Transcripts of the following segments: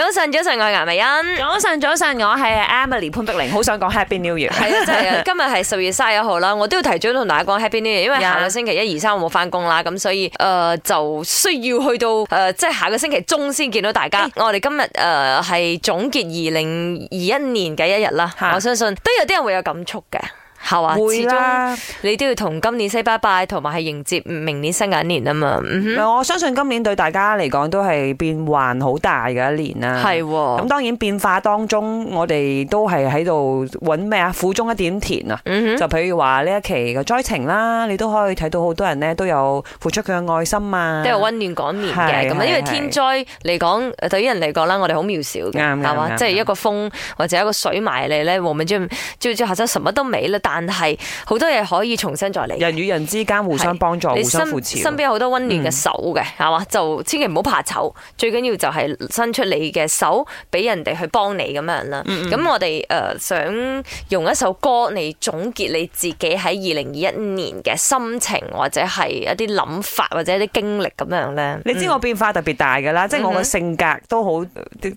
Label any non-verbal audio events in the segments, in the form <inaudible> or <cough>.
早晨，早晨，我係顏美欣。早晨，早晨，我係 Emily 潘碧玲。好想講 Happy New Year，係啊，係 <laughs> 啊。今日係十月三十一號啦，我都要提早同大家講 Happy New Year，因為下個星期一、Yeah. 二、三我冇翻工啦，咁所以誒、呃、就需要去到誒即係下個星期中先見到大家。Hey. 我哋今日誒係總結二零二一年嘅一日啦，Yeah. 我相信都有啲人會有感觸嘅。係啊，是會啦，你都要同今年 say bye bye，同埋係迎接明年新嘅一年啊嘛。嗯、我相信今年對大家嚟講都係變幻好大嘅一年啦。係、哦，咁當然變化當中，我哋都係喺度揾咩啊？苦中一點甜啊！嗯、哼就譬如話呢一期嘅災情啦，你都可以睇到好多人咧都有付出佢嘅愛心啊，都有溫暖港人嘅，咁因為天災嚟講，對於人嚟講啦，我哋好渺小嘅，係嘛？即係一個風或者一個水埋嚟咧，和咪將將將後生，什麼都冇啦，但但係好多嘢可以重新再嚟。人與人之間互相幫助，互相扶持身很。身邊有好多溫暖嘅手嘅，係嘛？就千祈唔好怕醜，最緊要就係伸出你嘅手，俾人哋去幫你咁樣啦。咁我哋誒、呃、想用一首歌嚟總結你自己喺二零二一年嘅心情，或者係一啲諗法，或者一啲經歷咁樣咧。你知我變化特別大噶啦，即係、嗯、我嘅性格都好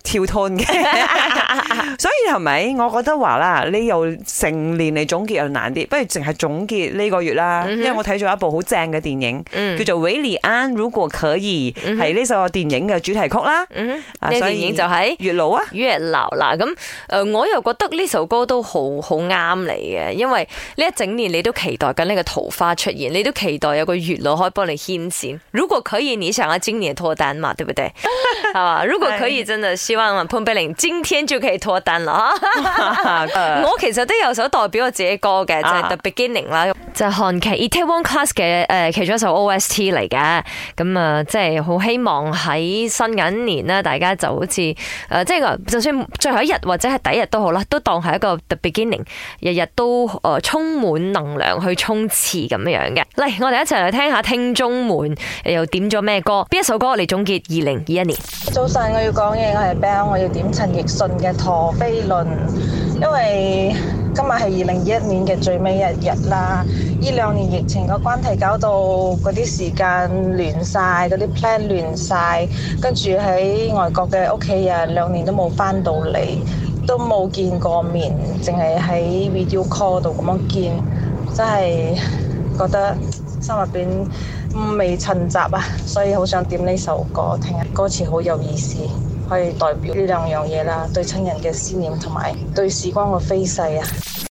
跳脱嘅，所以係咪？我覺得話啦，你又成年嚟總結人難啲，不如淨係總結呢個月啦。因為我睇咗一部好正嘅電影，嗯、叫做韋禮安《如果可以》，係呢首電影嘅主題曲啦。嗯，呢電影就係月老啊。月老嗱，咁誒，我又覺得呢首歌都好好啱你嘅，因為呢一整年你都期待緊呢個桃花出現，你都期待有個月老可以幫你牽線。如果可以，你想啊，今年脫單嘛，對不對？係嘛，如果可以，真係希望阿潘貝玲今天就可以脫單啦。 <laughs> <laughs> 我其實都有首代表我自己多嘅就係 The Beginning 啦，啊，就係韓劇《Itaewon Class》嘅，呃、誒其中一首 OST 嚟嘅，咁啊即係好希望喺新緊年啦，大家就好似誒即係就算最後一日或者係第一日都好啦，都當係一個 The Beginning，日日都誒、呃、充滿能量去衝刺咁樣嘅。嚟，我哋一齊嚟聽下聽，聽中門又點咗咩歌？邊一首歌嚟總結二零二一年？早晨，我要講嘢，我係 Ben，我要點陳奕迅嘅《陀飛輪》，因為。今日係二零二一年嘅最尾一日啦！呢兩年疫情個關係搞到嗰啲時間亂晒，嗰啲 plan 亂晒。跟住喺外國嘅屋企人兩年都冇翻到嚟，都冇見過面，淨係喺 video call 度咁樣見，真係覺得心入邊未曾習啊！所以好想點呢首歌聽日，歌詞好有意思。可以代表呢兩樣嘢啦，對親人嘅思念同埋對時光嘅飛逝啊！